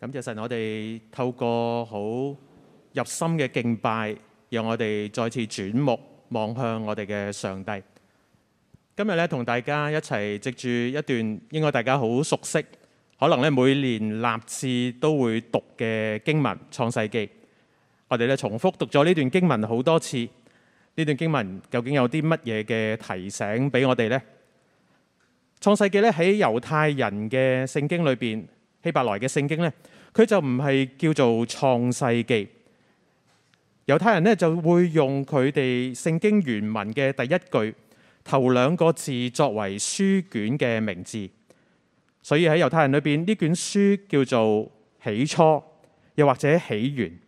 感謝神，我哋透過好入心嘅敬拜，讓我哋再次轉目望向我哋嘅上帝。今日咧，同大家一齊藉住一段應該大家好熟悉，可能咧每年立次都會讀嘅經文《創世記》我。我哋咧重複讀咗呢段經文好多次。呢段經文究竟有啲乜嘢嘅提醒俾我哋呢？《創世記》咧喺猶太人嘅聖經裏邊。希伯來嘅聖經呢，佢就唔係叫做創世記。猶太人呢，就會用佢哋聖經原文嘅第一句頭兩個字，作為書卷嘅名字，所以喺猶太人裏邊，呢卷書叫做起初，又或者起源。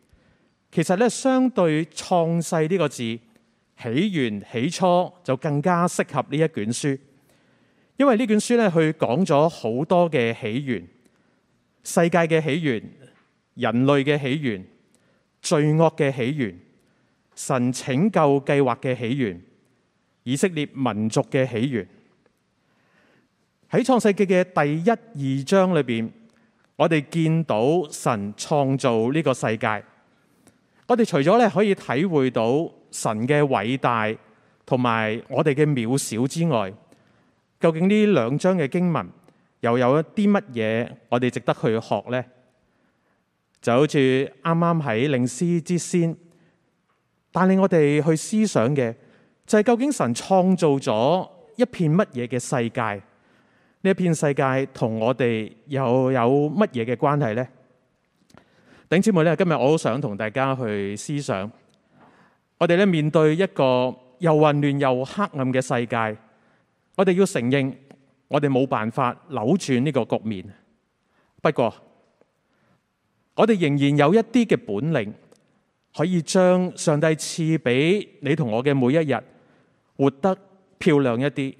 其實呢，相對創世呢個字，起源起初就更加適合呢一卷書，因為呢卷書呢，佢講咗好多嘅起源。世界嘅起源、人類嘅起源、罪惡嘅起源、神拯救計劃嘅起源、以色列民族嘅起源，喺創世記嘅第一二章裏邊，我哋見到神創造呢個世界。我哋除咗咧可以體會到神嘅偉大同埋我哋嘅渺小之外，究竟呢兩章嘅經文，又有一啲乜嘢我哋值得去學呢？就好似啱啱喺領詩之先，帶領我哋去思想嘅就係、是、究竟神創造咗一片乜嘢嘅世界？呢一片世界同我哋又有乜嘢嘅關係呢？頂姊妹咧，今日我好想同大家去思想，我哋咧面對一個又混亂又黑暗嘅世界，我哋要承認。我哋冇辦法扭轉呢個局面。不過，我哋仍然有一啲嘅本領，可以將上帝賜俾你同我嘅每一日活得漂亮一啲，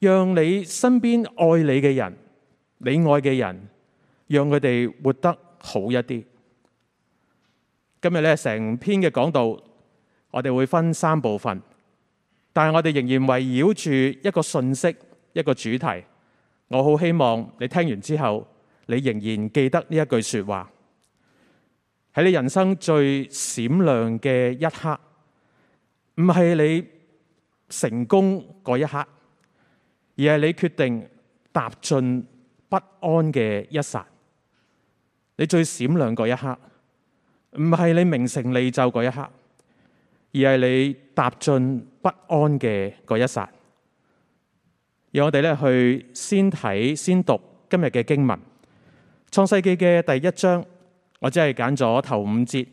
讓你身邊愛你嘅人，你愛嘅人，讓佢哋活得好一啲。今日咧，成篇嘅講道，我哋會分三部分，但係我哋仍然圍繞住一個信息。一個主題，我好希望你聽完之後，你仍然記得呢一句説話。喺你人生最閃亮嘅一刻，唔係你成功嗰一刻，而係你決定踏進不安嘅一剎。你最閃亮嗰一刻，唔係你名成利就嗰一刻，而係你踏進不安嘅嗰一剎。讓我哋去先睇、先讀今日嘅經文《創世記》嘅第一章。我只係揀咗頭五節，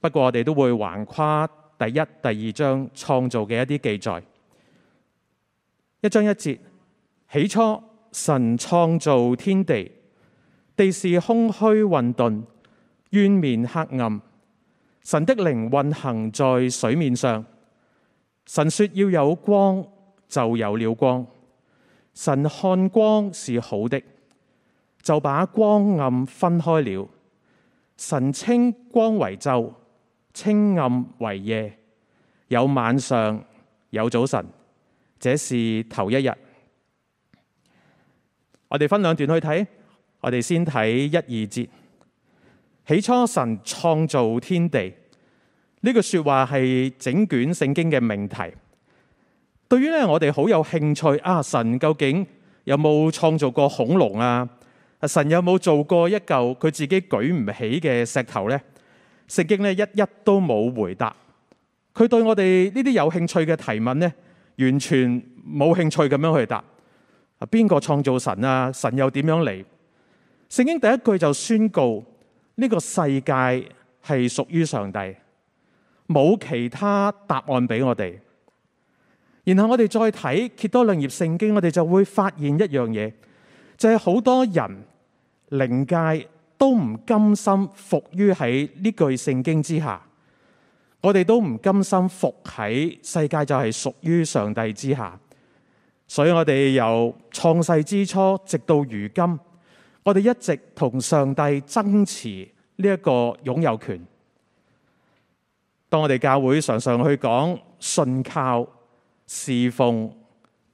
不過我哋都會橫跨第一、第二章創造嘅一啲記載，一章一節。起初，神創造天地，地是空虛混沌，淵面黑暗。神的靈運行在水面上。神說要有光，就有了光。神看光是好的，就把光暗分開了。神稱光為晝，稱暗為夜，有晚上，有早晨，這是頭一日。我哋分兩段去睇，我哋先睇一二節。起初神創造天地，呢句、這個、說話係整卷聖經嘅命題。對於咧，我哋好有興趣啊！神究竟有冇創造過恐龍啊？啊神有冇做過一嚿佢自己舉唔起嘅石頭咧？聖經咧，一一都冇回答。佢對我哋呢啲有興趣嘅提問呢，完全冇興趣咁樣去答。啊邊個創造神啊？神又點樣嚟？聖經第一句就宣告呢個世界係屬於上帝，冇其他答案俾我哋。然後我哋再睇，揭多兩頁聖經，我哋就會發現一樣嘢，就係好多人靈界都唔甘心服於喺呢句聖經之下，我哋都唔甘心服喺世界就係屬於上帝之下。所以我哋由創世之初直到如今，我哋一直同上帝爭持呢一個擁有權。當我哋教會常常去講信靠，侍奉、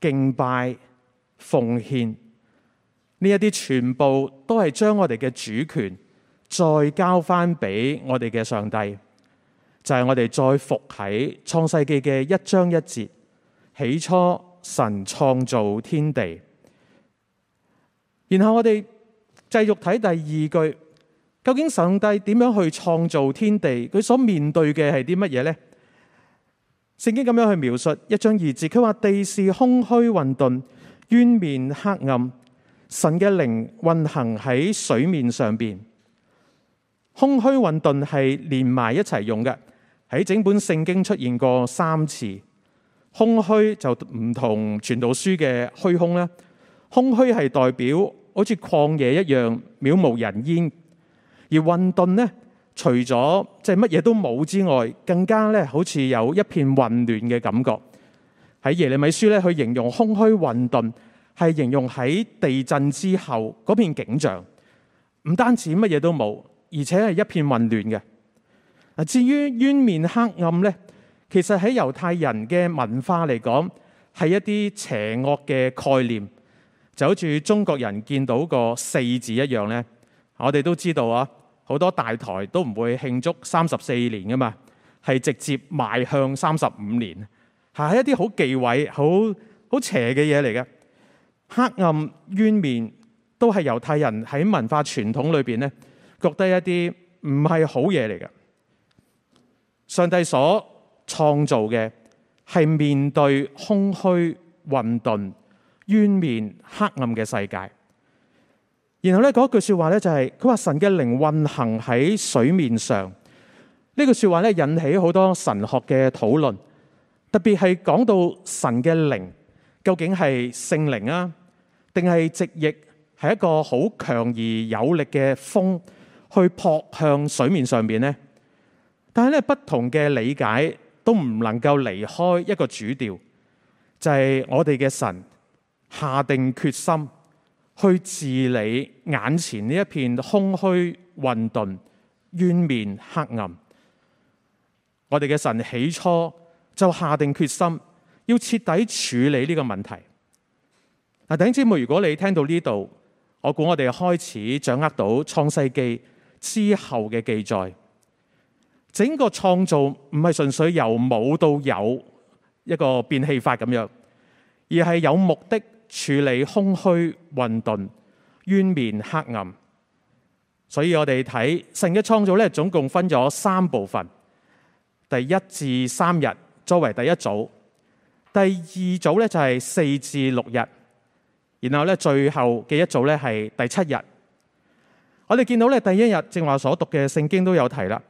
敬拜、奉獻，呢一啲全部都係將我哋嘅主權再交翻俾我哋嘅上帝，就係我哋再復喺創世記嘅一章一節。起初神創造天地，然後我哋繼續睇第二句，究竟上帝點樣去創造天地？佢所面對嘅係啲乜嘢呢？聖經咁樣去描述一章二字，佢話地是空虛混沌，淵面黑暗，神嘅靈運行喺水面上邊。空虛混沌係連埋一齊用嘅，喺整本聖經出現過三次。空虛就唔同傳道書嘅虛空啦，空虛係代表好似曠野一樣渺無人煙，而混沌呢。除咗即係乜嘢都冇之外，更加咧好似有一片混亂嘅感覺。喺耶利米書咧，去形容空虛混沌，係形容喺地震之後嗰片景象。唔單止乜嘢都冇，而且係一片混亂嘅。嗱，至於冤面黑暗，淵面黑暗呢，其實喺猶太人嘅文化嚟講，係一啲邪惡嘅概念，就好似中國人見到個四字一樣呢。我哋都知道啊。好多大台都唔會慶祝三十四年㗎嘛，係直接邁向三十五年，係一啲好忌諱、好好邪嘅嘢嚟嘅。黑暗淵面都係猶太人喺文化傳統裏邊呢，覺得一啲唔係好嘢嚟嘅。上帝所創造嘅係面對空虛、混沌、淵面、黑暗嘅世界。然後咧嗰句話呢、就係、說話咧就係佢話神嘅靈運行喺水面上，句呢句說話咧引起好多神學嘅討論，特別係講到神嘅靈究竟係聖靈啊，定係直譯係一個好強而有力嘅風去撲向水面上邊呢？但係咧不同嘅理解都唔能夠離開一個主調，就係、係、我哋嘅神下定決心。去治理眼前呢一片空虛、混沌、淵面、黑暗。我哋嘅神起初就下定決心，要徹底處理呢個問題。嗱，弟兄姊妹，如果你聽到呢度，我估我哋開始掌握到創世記之後嘅記載。整個創造唔係純粹由冇到有一個變戲法咁樣，而係有目的。處理空虛混沌淵面黑暗，所以我哋睇神嘅創造咧，總共分咗三部分，第一至三日作為第一組，第二組咧就係四至六日，然後咧最後嘅一組咧係第七日。我哋見到咧第一日，正話所讀嘅聖經都有提啦。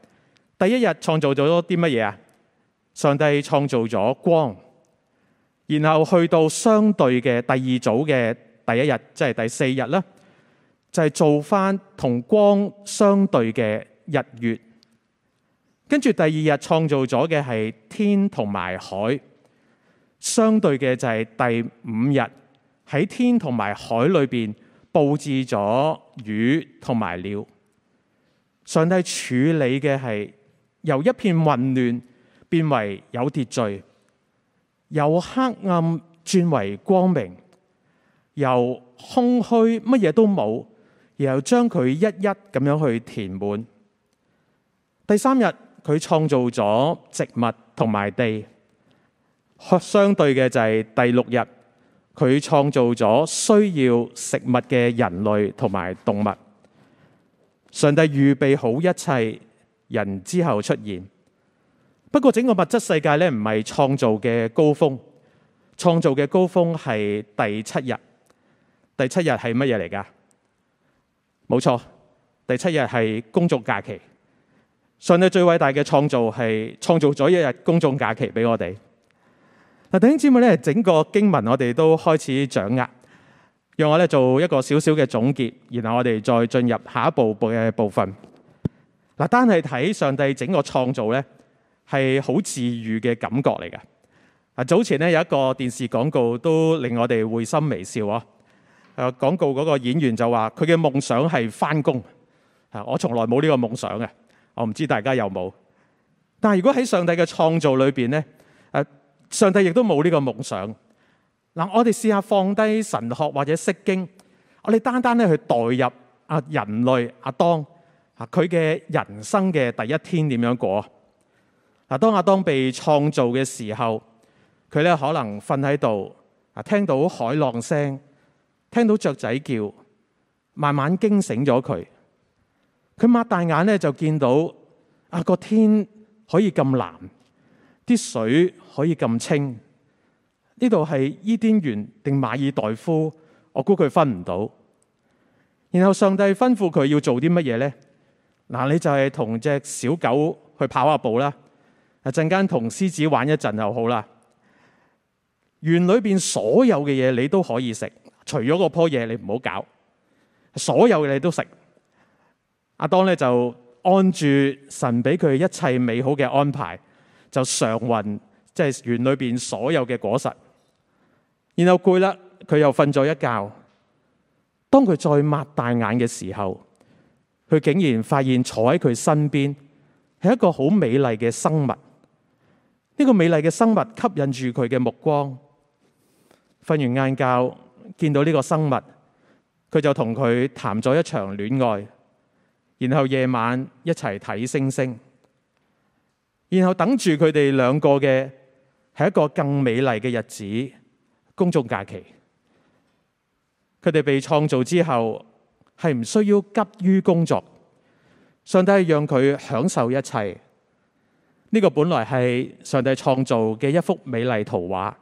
第一日創造咗啲乜嘢啊？上帝創造咗光。然後去到相對嘅第二組嘅第一日，即係第四日啦，就係做翻同光相對嘅日月。跟住第二日創造咗嘅係天同埋海，相對嘅就係第五日喺天同埋海裏邊布置咗魚同埋鳥。上帝處理嘅係由一片混亂變為有秩序。由黑暗轉為光明，由空虛乜嘢都冇，然後將佢一一咁樣去填滿。第三日佢創造咗植物同埋地，相對嘅就係第六日佢創造咗需要食物嘅人類同埋動物。上帝預備好一切，人之後出現。不過整個物質世界咧，唔係創造嘅高峰。創造嘅高峰係第七日。第七日係乜嘢嚟噶？冇錯，第七日係公眾假期。上帝最偉大嘅創造係創造咗一日公眾假期俾我哋。嗱，弟兄姊妹咧，整個經文我哋都開始掌握，讓我咧做一個小小嘅總結，然後我哋再進入下一步嘅部分。嗱，單係睇上帝整個創造咧。係好治癒嘅感覺嚟嘅啊！早前咧，有一個電視廣告都令我哋會心微笑啊。廣告嗰個演員就話佢嘅夢想係翻工啊。我從來冇呢個夢想嘅，我唔知大家有冇。但係如果喺上帝嘅創造裏邊咧，誒、啊，上帝亦都冇呢個夢想嗱、啊。我哋試下放低神學或者釋經，我哋單單咧去代入阿人類亞當啊，佢嘅、啊、人生嘅第一天點樣過？嗱，當阿當被創造嘅時候，佢咧可能瞓喺度，啊，聽到海浪聲，聽到雀仔叫，慢慢驚醒咗佢。佢擘大眼咧，就見到啊個天可以咁藍，啲水可以咁清。呢度係伊甸園定馬爾代夫？我估佢分唔到。然後上帝吩咐佢要做啲乜嘢咧？嗱，你就係同隻小狗去跑下步啦。啊！陣間同獅子玩一陣就好啦。園裏邊所有嘅嘢你都可以食，除咗嗰棵嘢你唔好搞。所有嘅你都食。阿當咧就按住神俾佢一切美好嘅安排，就嘗勻，即係園裏邊所有嘅果實。然後攰啦，佢又瞓咗一覺。當佢再擘大眼嘅時候，佢竟然發現坐喺佢身邊係一個好美麗嘅生物。呢個美麗嘅生物吸引住佢嘅目光，瞓完晏覺見到呢個生物，佢就同佢談咗一場戀愛，然後夜晚一齊睇星星，然後等住佢哋兩個嘅係一個更美麗嘅日子，公眾假期，佢哋被創造之後係唔需要急於工作，上帝係讓佢享受一切。呢個本來係上帝創造嘅一幅美麗圖畫，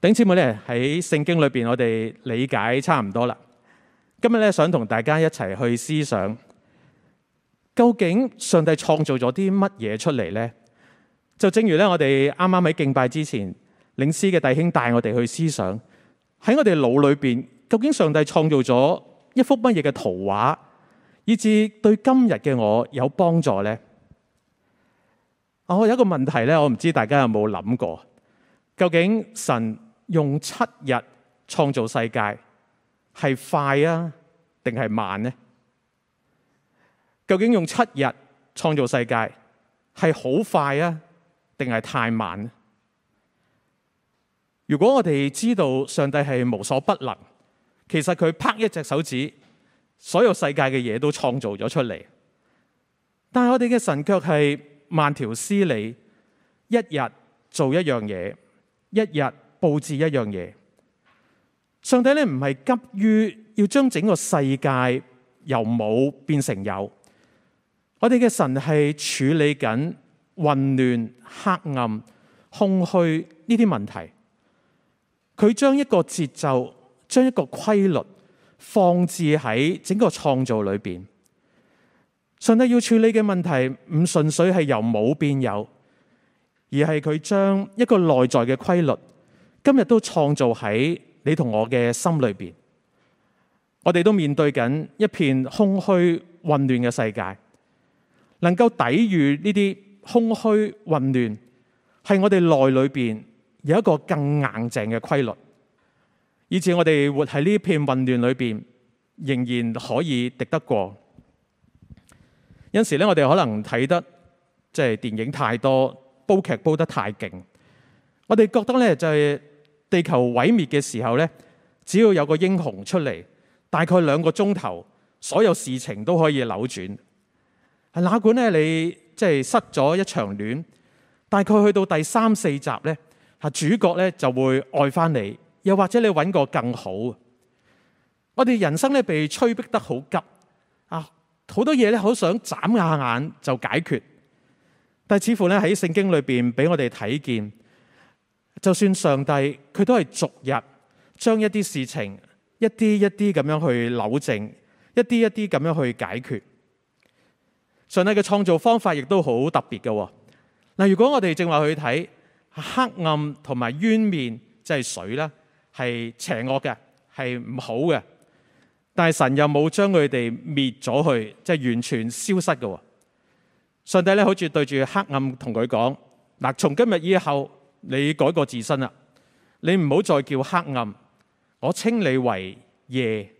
頂姊妹咧喺聖經裏邊，我哋理解差唔多啦。今日咧想同大家一齊去思想，究竟上帝創造咗啲乜嘢出嚟呢？就正如咧，我哋啱啱喺敬拜之前，領詩嘅弟兄帶我哋去思想喺我哋腦裏邊，究竟上帝創造咗一幅乜嘢嘅圖畫，以至對今日嘅我有幫助呢？我、oh, 有一個問題咧，我唔知大家有冇諗過，究竟神用七日創造世界係快啊，定係慢呢？究竟用七日創造世界係好快啊，定係太慢呢？如果我哋知道上帝係無所不能，其實佢拍一隻手指，所有世界嘅嘢都創造咗出嚟，但係我哋嘅神卻係。慢條斯理，一日做一樣嘢，一日布置一樣嘢。上帝咧唔係急於要將整個世界由冇變成有，我哋嘅神係處理緊混亂、黑暗、空虛呢啲問題。佢將一個節奏、將一個規律放置喺整個創造裏邊。上帝要處理嘅問題唔純粹係由冇變有，而係佢將一個內在嘅規律，今日都創造喺你同我嘅心裏邊。我哋都面對緊一片空虛混亂嘅世界，能夠抵禦呢啲空虛混亂，係我哋內裏邊有一個更硬淨嘅規律，以至我哋活喺呢片混亂裏邊，仍然可以敵得過。有時咧，我哋可能睇得即係、就是、電影太多，煲劇煲得太勁。我哋覺得咧，就係、是、地球毀滅嘅時候咧，只要有個英雄出嚟，大概兩個鐘頭，所有事情都可以扭轉。係哪管咧？你即係失咗一場戀，大概去到第三四集咧，係主角咧就會愛翻你，又或者你揾個更好。我哋人生咧被催逼得好急。好多嘢咧，好想眨下眼就解決，但似乎咧喺聖經裏邊俾我哋睇見，就算上帝佢都係逐日將一啲事情一啲一啲咁樣去扭正，一啲一啲咁樣去解決。上帝嘅創造方法亦都好特別嘅。嗱，如果我哋正話去睇黑暗同埋淵面即係水咧，係邪惡嘅，係唔好嘅。但係神又冇將佢哋滅咗去，即係完全消失㗎。上帝咧好似對住黑暗同佢講：嗱，從今日以後，你改過自身啦，你唔好再叫黑暗，我稱你為夜，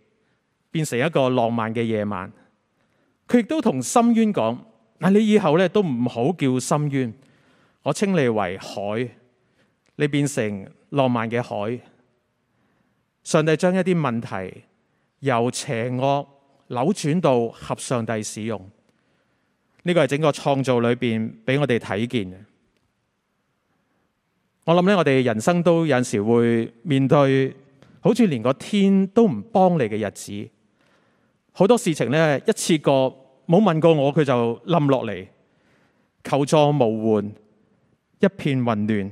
變成一個浪漫嘅夜晚。佢亦都同深淵講：嗱，你以後咧都唔好叫深淵，我稱你為海，你變成浪漫嘅海。上帝將一啲問題。由邪惡扭轉到合上帝使用，呢個係整個創造裏面俾我哋睇見嘅。我諗我哋人生都有陣時會面對，好似連個天都唔幫你嘅日子。好多事情呢，一次過冇問過我，佢就冧落嚟，求助無援，一片混亂，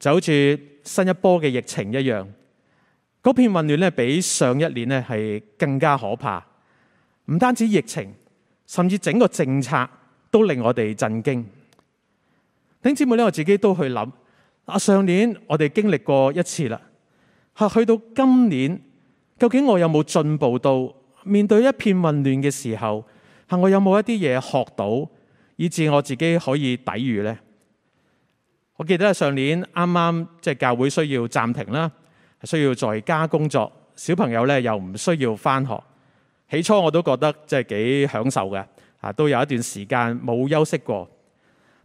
就好似新一波嘅疫情一樣。嗰片混亂咧，比上一年咧係更加可怕。唔單止疫情，甚至整個政策都令我哋震驚。弟兄姊妹咧，我自己都去諗。啊，上年我哋經歷過一次啦，係去到今年，究竟我有冇進步到面對一片混亂嘅時候？係我有冇一啲嘢學到，以至我自己可以抵禦呢？我記得上年啱啱即係教會需要暫停啦。需要在家工作，小朋友咧又唔需要翻學。起初我都覺得即係幾享受嘅，啊都有一段時間冇休息過。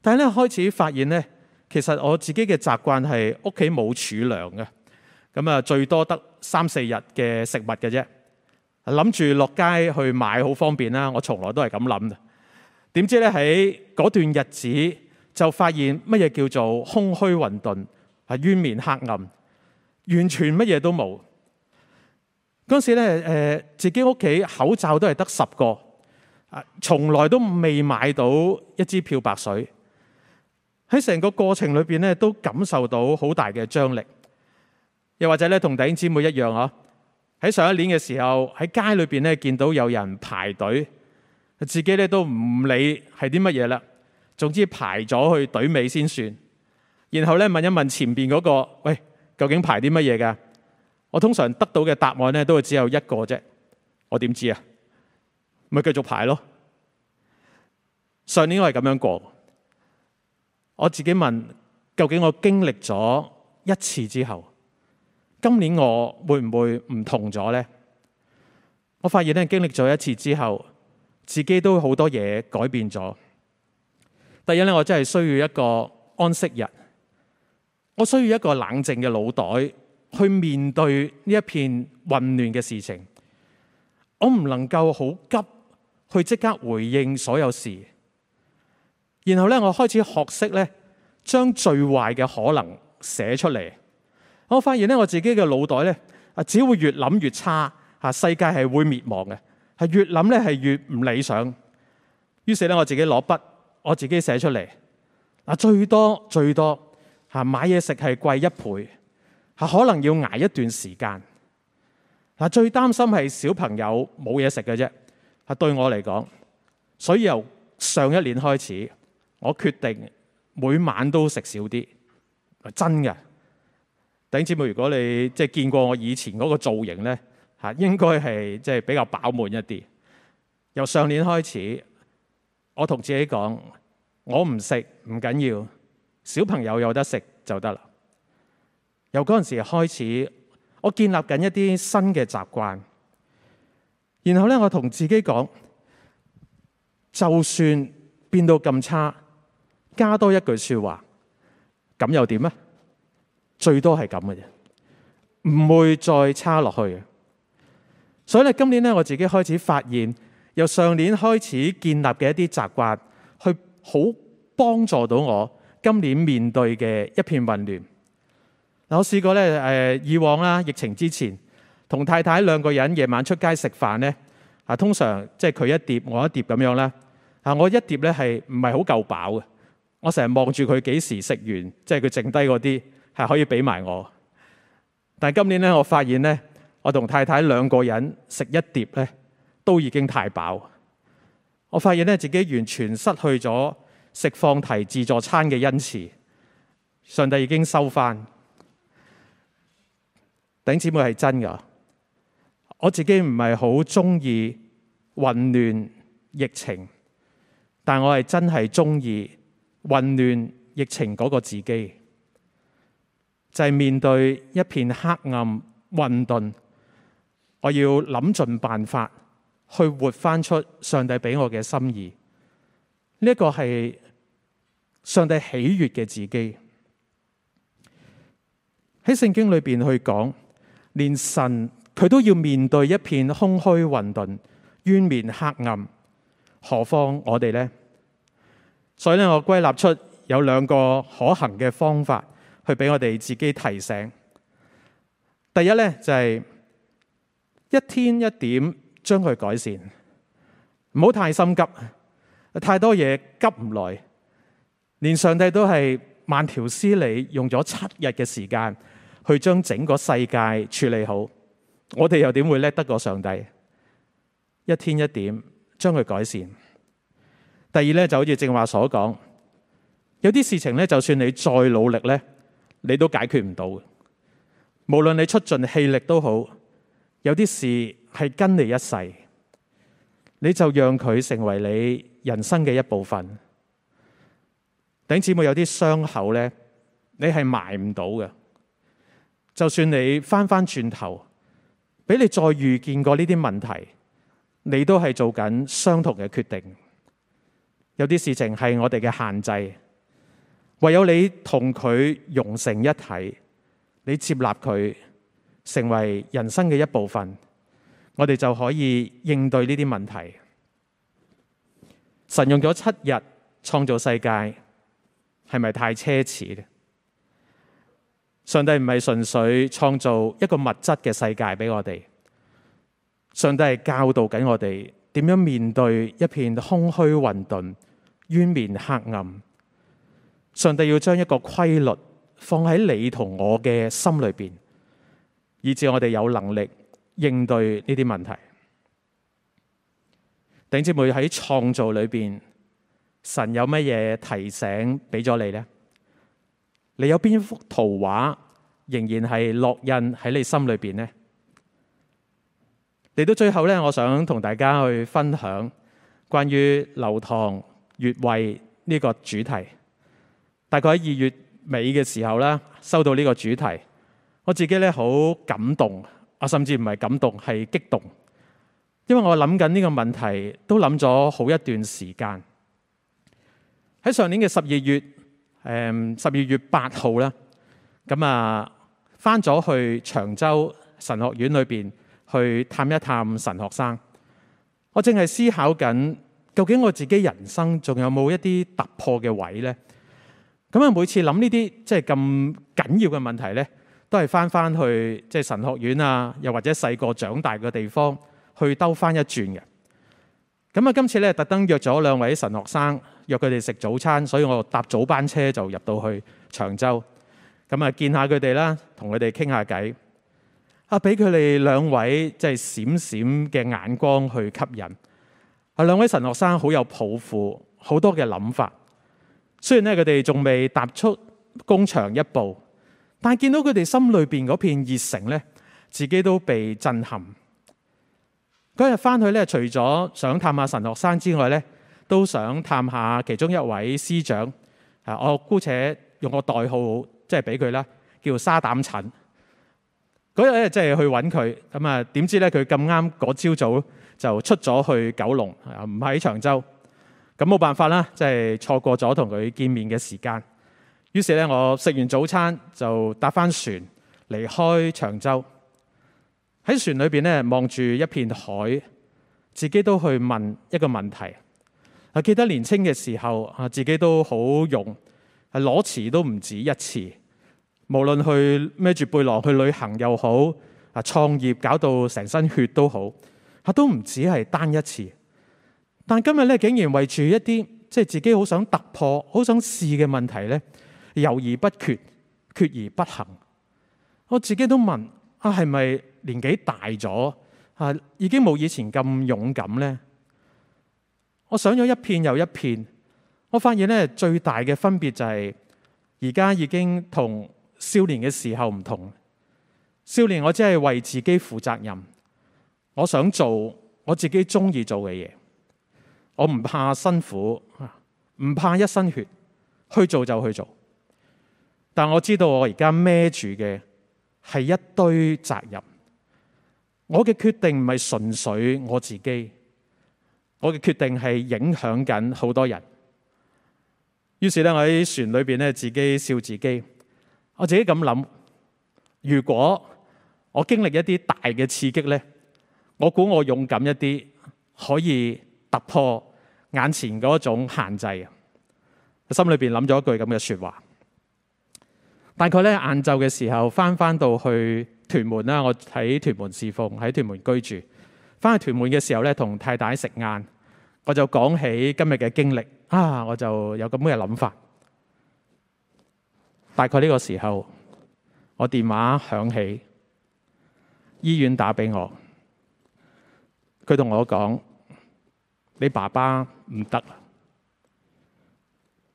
但係咧開始發現咧，其實我自己嘅習慣係屋企冇儲糧嘅，咁啊最多得三四日嘅食物嘅啫。諗住落街去買好方便啦，我從來都係咁諗嘅。點知咧喺嗰段日子就發現乜嘢叫做空虛混沌，啊淵面黑暗。完全乜嘢都冇。嗰時咧，誒、呃，自己屋企口罩都係得十個，啊、呃，從來都未買到一支漂白水。喺成個過程裏邊咧，都感受到好大嘅張力。又或者咧，同弟兄姊妹一樣啊，喺上一年嘅時候喺街裏邊咧見到有人排隊，自己咧都唔理係啲乜嘢啦，總之排咗去隊尾先算。然後咧問一問前邊嗰、嗰個喂。究竟排啲乜嘢㗎？我通常得到嘅答案咧，都係只有一個啫。我點知啊？咪繼續排咯。上年我係咁樣過，我自己問：究竟我經歷咗一次之後，今年我會唔會唔同咗咧？我發現咧，經歷咗一次之後，自己都好多嘢改變咗。第一咧，我真係需要一個安息日。我需要一個冷靜嘅腦袋去面對呢一片混亂嘅事情。我唔能夠好急去即刻回應所有事。然後咧，我開始學識咧，將最壞嘅可能寫出嚟。我發現咧，我自己嘅腦袋咧，啊，只會越諗越差。吓，世界係會滅亡嘅，係越諗咧係越唔理想。於是咧，我自己攞筆，我自己寫出嚟。嗱，最多最多。嚇，買嘢食係貴一倍，係可能要捱一段時間。嗱，最擔心係小朋友冇嘢食嘅啫。係對我嚟講，所以由上一年開始，我決定每晚都食少啲。真嘅，弟兄姊妹，如果你即係見過我以前嗰個造型咧，嚇，應該係即係比較飽滿一啲。由上年開始，我同自己講，我唔食唔緊要。小朋友有得食就得啦。由嗰陣時開始，我建立緊一啲新嘅習慣。然後呢，我同自己講，就算變到咁差，加多一句說話，咁又點啊？最多係咁嘅啫，唔會再差落去嘅。所以呢，今年呢，我自己開始發現，由上年開始建立嘅一啲習慣，去好幫助到我。今年面對嘅一片混亂，嗱，我試過咧誒、呃，以往啦，疫情之前，同太太兩個人夜晚出街食飯咧，啊通常即係佢一碟我一碟咁樣啦，啊我一碟咧係唔係好夠飽嘅，我成日望住佢幾時食完，即係佢剩低嗰啲係可以俾埋我。但係今年咧，我發現咧，我同太太兩個人食一碟咧，都已經太飽。我發現咧自己完全失去咗。食放題自助餐嘅恩賜，上帝已經收翻。頂，姊妹係真噶我自己唔係好中意，混亂疫情，但我係真係中意混亂疫情嗰個自己，就係、是、面對一片黑暗混沌，我要諗盡辦法去活翻出上帝俾我嘅心意。呢、這、一個係。上帝喜悅嘅自己喺聖經裏邊去講，連神佢都要面對一片空虛混沌、淵面黑暗，何況我哋呢？所以咧，我歸納出有兩個可行嘅方法，去俾我哋自己提醒。第一呢，就係、是、一天一點將佢改善，唔好太心急，太多嘢急唔來。連上帝都係慢條斯理，用咗七日嘅時間去將整個世界處理好。我哋又點會叻得過上帝？一天一點將佢改善。第二咧，就好似正話所講，有啲事情咧，就算你再努力咧，你都解決唔到嘅。無論你出盡氣力都好，有啲事係跟你一世，你就讓佢成為你人生嘅一部分。弟兄姊妹，有啲傷口咧，你係埋唔到嘅。就算你返返轉頭，俾你再遇見過呢啲問題，你都係做緊相同嘅決定。有啲事情係我哋嘅限制，唯有你同佢融成一體，你接納佢成為人生嘅一部分，我哋就可以應對呢啲問題。神用咗七日創造世界。係咪太奢侈咧？上帝唔係純粹創造一個物質嘅世界俾我哋，上帝係教導緊我哋點樣面對一片空虛混沌、淵面黑暗。上帝要將一個規律放喺你同我嘅心裏邊，以至我哋有能力應對呢啲問題。頂姊妹喺創造裏邊。神有乜嘢提醒俾咗你呢？你有邊幅圖畫仍然係烙印喺你心裏邊呢？嚟到最後咧，我想同大家去分享關於流堂越位呢個主題。大概喺二月尾嘅時候啦，收到呢個主題，我自己咧好感動，我甚至唔係感動，係激動，因為我諗緊呢個問題都諗咗好一段時間。喺上年嘅十二月，誒十二月八號啦，咁啊，翻咗去長洲神學院裏邊去探一探神學生。我淨係思考緊，究竟我自己人生仲有冇一啲突破嘅位呢？咁啊，每次諗呢啲即係咁緊要嘅問題呢，都係翻翻去即係、就是、神學院啊，又或者細個長大嘅地方去兜翻一轉嘅。咁啊，今次咧特登約咗兩位神學生，約佢哋食早餐，所以我搭早班車就入到去長洲，咁啊見下佢哋啦，同佢哋傾下偈。啊，俾佢哋兩位即係閃閃嘅眼光去吸引。啊，兩位神學生好有抱負，好多嘅諗法。雖然咧佢哋仲未踏出工場一步，但見到佢哋心裏邊嗰片熱誠咧，自己都被震撼。嗰日翻去咧，除咗想探下神學生之外咧，都想探下其中一位師長。啊，我姑且用個代號，即係俾佢啦，叫沙膽陳。嗰日咧，即係去揾佢，咁啊，點知咧佢咁啱嗰朝早就出咗去九龍，唔喺長洲。咁冇辦法啦，即係錯過咗同佢見面嘅時間。於是咧，我食完早餐就搭翻船離開長洲。喺船裏邊咧，望住一片海，自己都去問一個問題。啊，記得年青嘅時候啊，自己都好勇，係攞恥都唔止一次。無論去孭住背囊去旅行又好，啊，創業搞到成身血都好，啊，都唔止係單一次。但今日咧，竟然為住一啲即係自己好想突破、好想試嘅問題咧，猶豫不決，決而不行。我自己都問啊，係咪？年紀大咗，吓、啊、已經冇以前咁勇敢呢。我想咗一片又一片，我發現咧，最大嘅分別就係、是，而家已經同少年嘅時候唔同。少年我只係為自己負責任，我想做我自己中意做嘅嘢，我唔怕辛苦，唔怕一身血，去做就去做。但我知道我而家孭住嘅係一堆責任。我嘅決定唔係純粹我自己，我嘅決定係影響緊好多人。於是咧，我喺船裏邊咧，自己笑自己。我自己咁諗：如果我經歷一啲大嘅刺激咧，我估我勇敢一啲，可以突破眼前嗰種限制。我心裏邊諗咗一句咁嘅説話。大概咧，晏晝嘅時候返返到去。屯門啦，我喺屯門侍奉，喺屯門居住。翻去屯門嘅時候咧，同太太食晏，我就講起今日嘅經歷。啊，我就有咁嘅諗法。大概呢個時候，我電話響起，醫院打俾我，佢同我講：你爸爸唔得。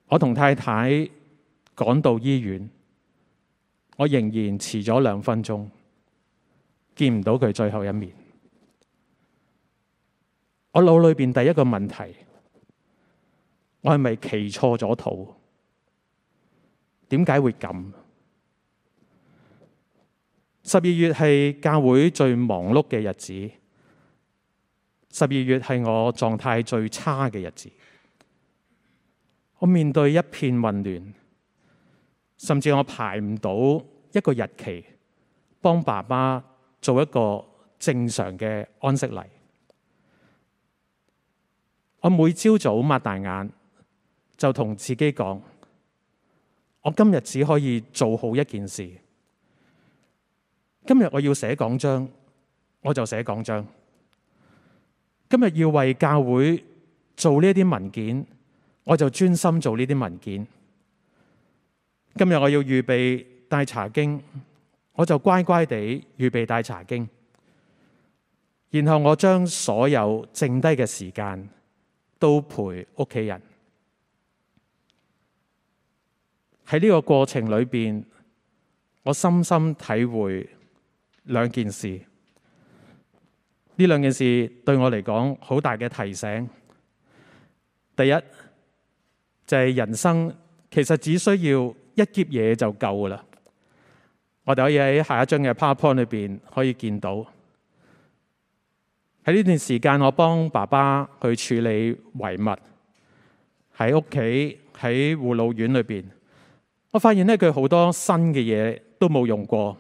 我同太太趕到醫院，我仍然遲咗兩分鐘。見唔到佢最後一面，我腦裏面第一個問題，我係咪企錯咗度？點解會咁？十二月係教會最忙碌嘅日子，十二月係我狀態最差嘅日子，我面對一片混亂，甚至我排唔到一個日期幫爸爸做一個正常嘅安息禮。我每朝早擘大眼，就同自己講：我今日只可以做好一件事。今日我要寫講章，我就寫講章。今日要為教會做呢啲文件，我就專心做呢啲文件。今日我要預備帶查經。我就乖乖地預備帶查經，然後我將所有剩低嘅時間都陪屋企人。喺呢個過程裏面，我深深體會兩件事。呢兩件事對我嚟講好大嘅提醒。第一就係、是、人生其實只需要一疊嘢就夠噶我哋可以喺下一張嘅 PowerPoint 裏邊可以見到。喺呢段時間，我幫爸爸去處理遺物，喺屋企，喺護老院裏邊，我發現咧佢好多新嘅嘢都冇用過。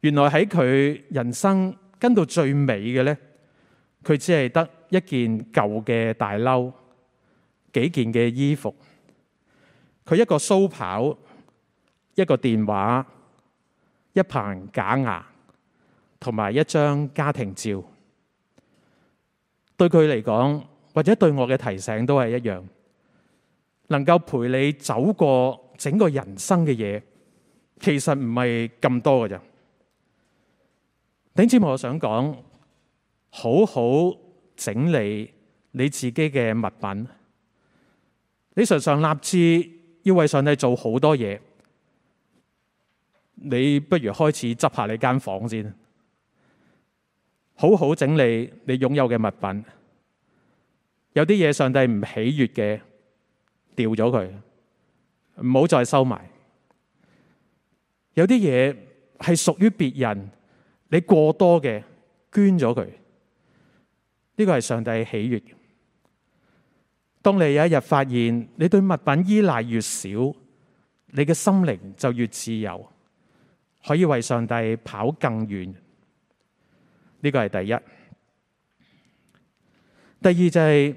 原來喺佢人生跟到最尾嘅咧，佢只係得一件舊嘅大褸，幾件嘅衣服，佢一個鬚刨，一個電話。一棚假牙同埋一張家庭照，對佢嚟講或者對我嘅提醒都係一樣。能夠陪你走過整個人生嘅嘢，其實唔係咁多嘅人。頂尖，我想講，好好整理你自己嘅物品。你常常立志要為上帝做好多嘢。你不如開始執下你間房先，好好整理你擁有嘅物品。有啲嘢上帝唔喜悅嘅，掉咗佢，唔好再收埋。有啲嘢係屬於別人，你過多嘅捐咗佢，呢個係上帝喜悅。當你有一日發現你對物品依賴越少，你嘅心靈就越自由。可以為上帝跑更遠，呢、這個係第一。第二就係、是、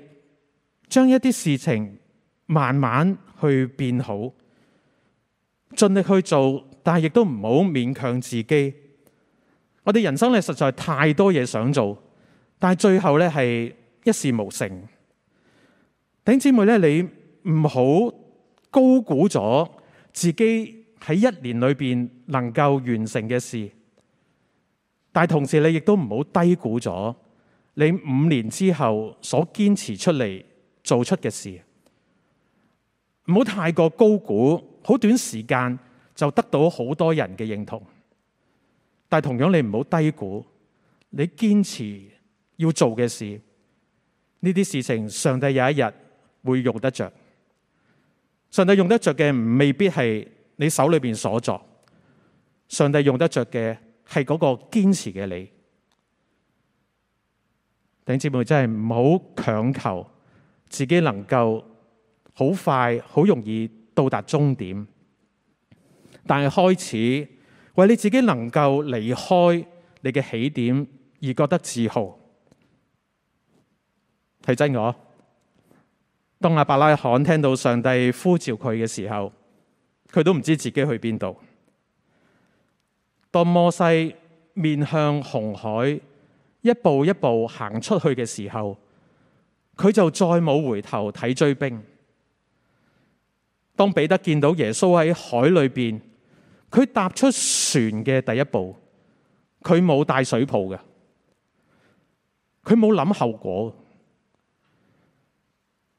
將一啲事情慢慢去變好，盡力去做，但係亦都唔好勉強自己。我哋人生咧實在太多嘢想做，但係最後咧係一事無成。頂姊妹咧，你唔好高估咗自己。喺一年裏邊能夠完成嘅事，但同時你亦都唔好低估咗你五年之後所堅持出嚟，做出嘅事。唔好太過高估，好短時間就得到好多人嘅認同。但同樣你唔好低估你堅持要做嘅事，呢啲事情上帝有一日會用得着。上帝用得着嘅未必係。你手裏邊所作，上帝用得着嘅，係嗰個堅持嘅你。弟兄姊妹，真係唔好強求自己能夠好快、好容易到達終點，但係開始為你自己能夠離開你嘅起點而覺得自豪。係真我，當亞伯拉罕聽到上帝呼召佢嘅時候。佢都唔知自己去邊度。當摩西面向紅海，一步一步行出去嘅時候，佢就再冇回頭睇追兵。當彼得見到耶穌喺海裏邊，佢踏出船嘅第一步，佢冇帶水泡嘅，佢冇諗後果。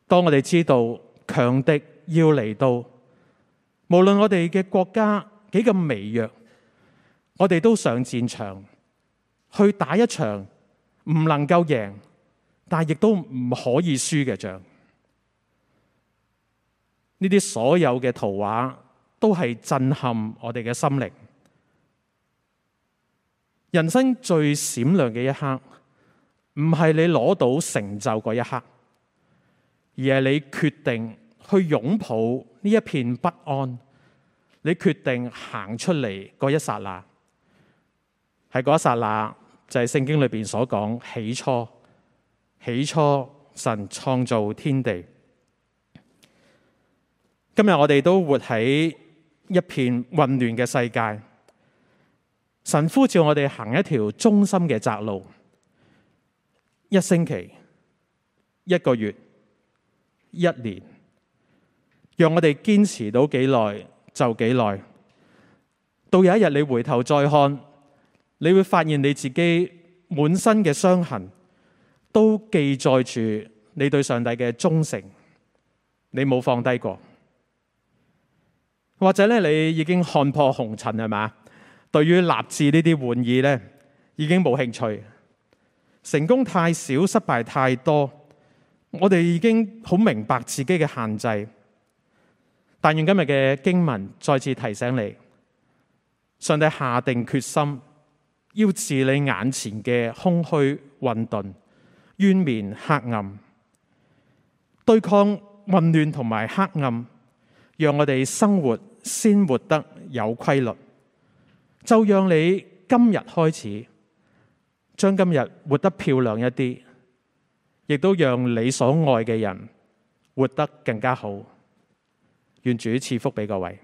當我哋知道強敵要嚟到。無論我哋嘅國家幾咁微弱，我哋都上戰場去打一場唔能夠贏，但亦都唔可以輸嘅仗。呢啲所有嘅圖畫都係震撼我哋嘅心靈。人生最閃亮嘅一刻，唔係你攞到成就嗰一刻，而係你決定去擁抱。呢一片不安，你決定行出嚟，嗰一剎那，喺嗰一剎那就係、是、聖經裏面所講起初，起初神創造天地。今日我哋都活喺一片混亂嘅世界，神呼召我哋行一條忠心嘅窄路。一星期，一個月，一年。讓我哋堅持到幾耐就幾耐。到有一日你回頭再看，你會發現你自己滿身嘅傷痕，都記載住你對上帝嘅忠誠。你冇放低過，或者咧你已經看破紅塵，係咪？對於立志呢啲玩意咧，已經冇興趣。成功太少，失敗太多，我哋已經好明白自己嘅限制。但願今日嘅經文再次提醒你，上帝下定決心要治理眼前嘅空虛、混沌、淵面、黑暗，對抗混亂同埋黑暗，讓我哋生活先活得有規律。就讓你今日開始，將今日活得漂亮一啲，亦都讓你所愛嘅人活得更加好。願主賜福俾各位。